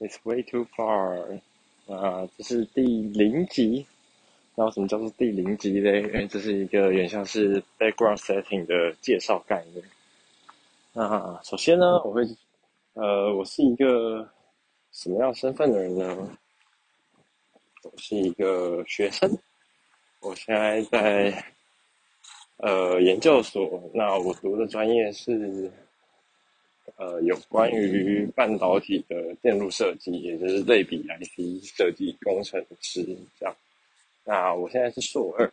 It's way too far。啊，這是第零集。那為什麼叫做第零集嘞？因為這是一個原像是 background setting 的介紹概念。那首先呢，我會，呃，我是一個什麼樣身份的人呢？我是一個學生。我現在在呃研究所。那我讀的專業是。呃，有關於半導體的電路設計，也就是類比 IC 設計工程師這樣。那我現在是碩二，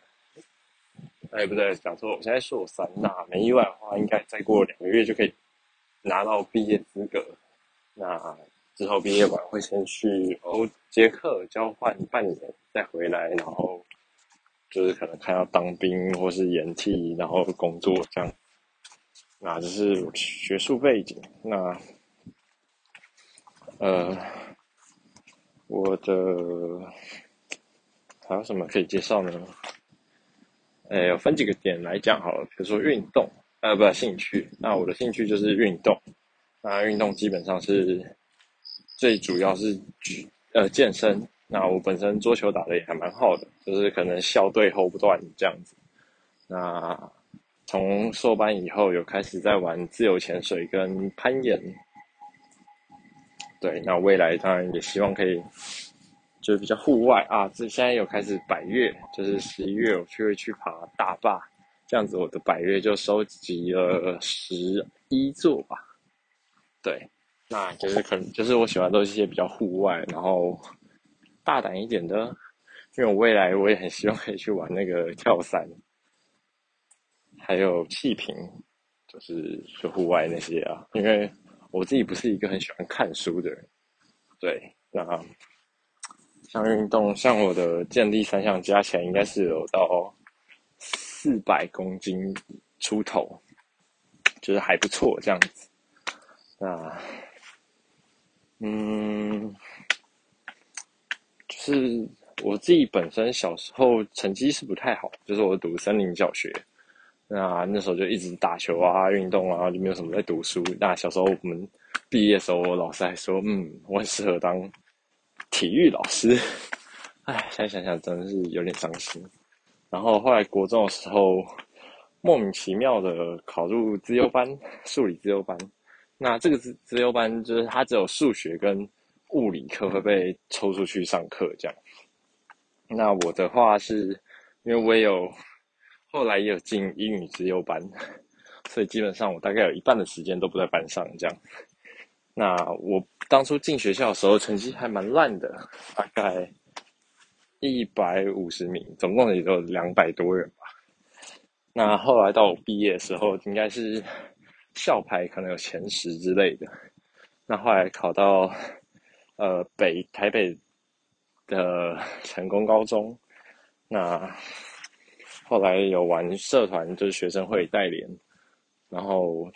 哎，不對，講錯，我現在碩三。那沒意外的話，應該再過兩個月就可以拿到畢業資格。那之後畢業完會先去歐、哦、捷克交換半年，再回來，然後就是可能看要當兵或是研替，然後工作這樣。那這、啊就是學術背景。那呃，我的還有什麼可以介紹呢？哎，分幾個點來講好了。比如說運動，呃，不，興趣。那我的興趣就是運動。那運動基本上是最主要是舉呃健身。那我本身桌球打得也還蠻好的，就是可能校隊候不斷這樣子。那。從碩班以後，有開始在玩自由潛水跟攀岩。對，那未來當然也希望可以，就是比較戶外啊。這現在有開始百岳，就是十一月我就會去爬大壩，這樣子我的百岳就收集了十一座吧。對，那就是可能就是我喜歡都是一些比較戶外，然後大膽一點的，因為我未來我也很希望可以去玩那個跳傘。還有氣瓶，就是去戶外那些啊。因為我自己不是一個很喜歡看書的人，對。那像運動，像我的健力三項加起來應該是有到四百公斤出頭，就是還不錯這樣子。那嗯，就是我自己本身小時候成績是不太好，就是我讀森林小學。那那時候就一直打球啊，運動啊，就沒有什麼在讀書。那小時候我們畢業的時候，我老師還說，嗯，我很適合當體育老師。哎，現在想想，想真的是有點傷心。然後後來國中的時候，莫名其妙的考入資優班，數理資優班。那這個資資優班就是他只有數學跟物理課會被抽出去上課這樣。那我的話是因為我也有。後來也有進英語資優班，所以基本上我大概有一半的時間都不在班上這樣。那我當初進學校的時候成績還蠻爛的，大概一百五十名，總共也就兩百多人吧。那後來到我畢業的時候，應該是校排可能有前十之類的。那後來考到呃北台北的成功高中，那。後來有玩社團，就是學生會代聯，然後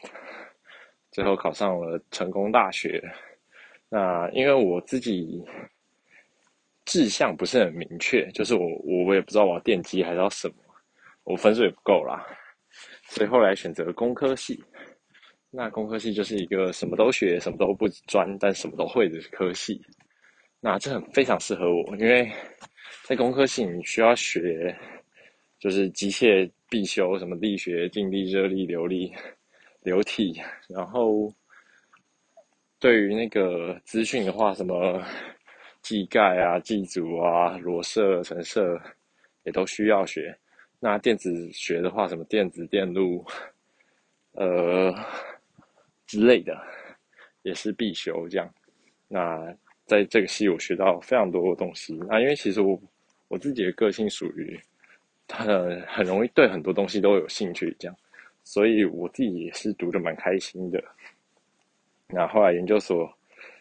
最後考上了成功大學。那因為我自己志向不是很明確，就是我我我也不知道我要電機還是要什麼，我分數也不夠啦，所以後來選擇了工科系。那工科系就是一個什麼都學、什麼都不專，但什麼都會的科系。那這很非常適合我，因為在工科系你需要學。就是機械必修什麼力學、靜力、熱力、流力、流體，然後對於那個資訊的話，什麼計概啊、計組啊、邏設、程設也都需要學。那電子學的話，什麼電子電路，呃之類的也是必修。這樣，那在這個系我學到非常多的東西。那因為其實我我自己的個性屬於。很、嗯、很容易對很多東西都有興趣，這樣，所以我自己也是讀的蠻開心的。那後來研究所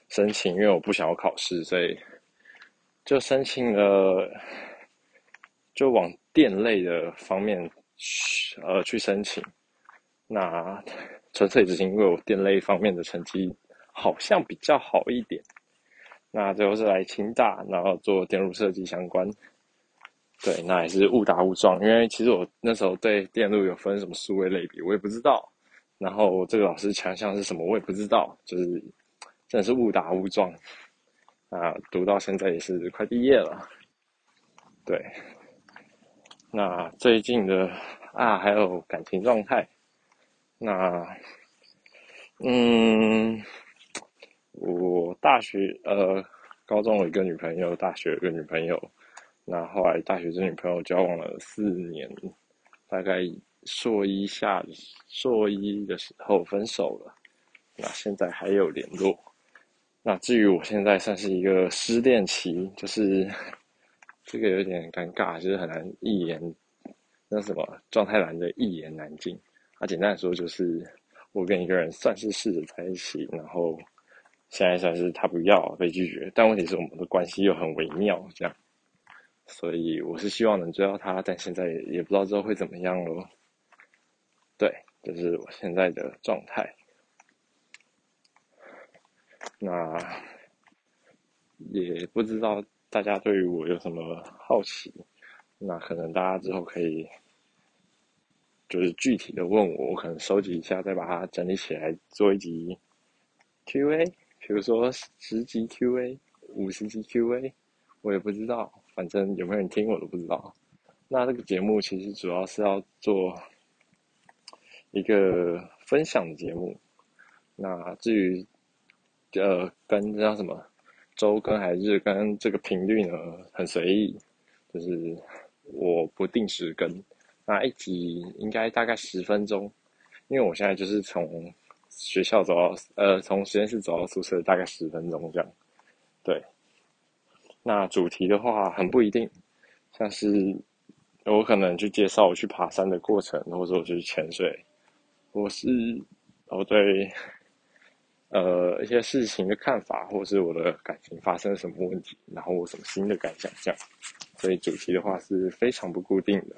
申請，因為我不想要考試，所以就申請了，就往電類的方面去呃去申請。那純粹只是因為我電類方面的成績好像比較好一點。那最後是來清大，然後做電路設計相關。對，那也是誤打誤撞，因為其實我那時候對電路有分什麼數位類比，我也不知道。然後這個老師強項是什麼，我也不知道，就是真的是誤打誤撞。啊、呃，讀到現在也是快畢業了。對，那最近的啊，還有感情狀態。那，嗯，我大學呃，高中有一個女朋友，大學有一個女朋友。那後來大學生女朋友交往了四年，大概碩一下碩一的時候分手了。那現在還有聯絡。那至於我現在算是一個失戀期，就是這個有點尷尬，就是很難一言，那什麼狀態難的一言難盡。啊，簡單來說就是我跟一個人算是試着在一起，然後現在算是他不要被拒絕，但問題是我們的關係又很微妙，這樣。所以我是希望能追到他，但現在也不知道之後會怎麼樣嘍。對，這就是我現在的狀態。那也不知道大家對於我有什麼好奇，那可能大家之後可以就是具體的問我，我可能收集一下，再把它整理起來做一集 Q&A，比如說十集 Q&A、五十集 Q&A，我也不知道。反正有沒有人聽我都不知道。那這個節目其實主要是要做一個分享的節目。那至於呃更叫什麼週更還是日更這個頻率呢，很隨意，就是我不定時更。那一集應該大概十分鐘，因為我現在就是從學校走到呃從實驗室走到宿舍大概十分鐘這樣。對。那主題的話很不一定，像是我可能去介紹我去爬山的過程，或者我去潛水，我是我對呃一些事情的看法，或是我的感情發生了什麼問題，然後我什麼新的感想這樣，所以主題的話是非常不固定的。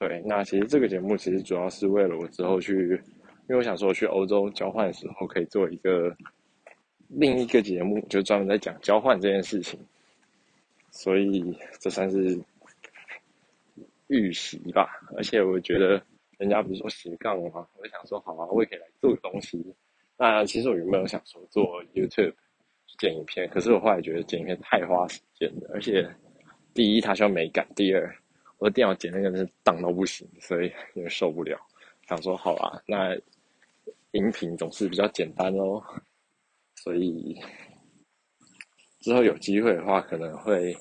對，那其實這個節目其實主要是為了我之後去，因為我想說我去歐洲交換的時候可以做一個。另一個節目就專門在講交換這件事情，所以這算是預習吧。而且我覺得人家不是說斜槓嗎？啊，我就想說，好啊，我也可以來做東西。那其實我原本有想說做 YouTube 剪影片，可是我後來覺得剪影片，太花時間了，而且第一它需要美感，第二我的電腦剪那個人是檔都不行，所以也受不了。想說，好啊，那音頻總是比較簡單哦。所以之後有機會的話，可能會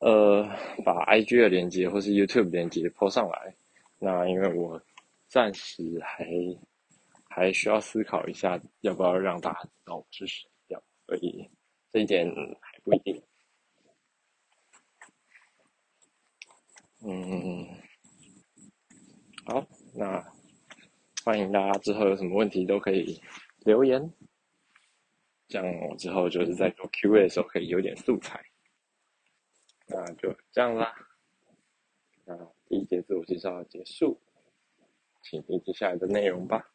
呃把 I G 的連接或是 YouTube 連接 PO 上來。那因為我暫時還還需要思考一下，要不要讓大家知道我是誰，所以這一點還不一定。嗯，好，那歡迎大家之後有什麼問題都可以留言。這樣、我、之後，就是在做 QA 的時候可以有點素材。那就這樣啦。那第一節自我介紹結束，請聽接下來的內容吧。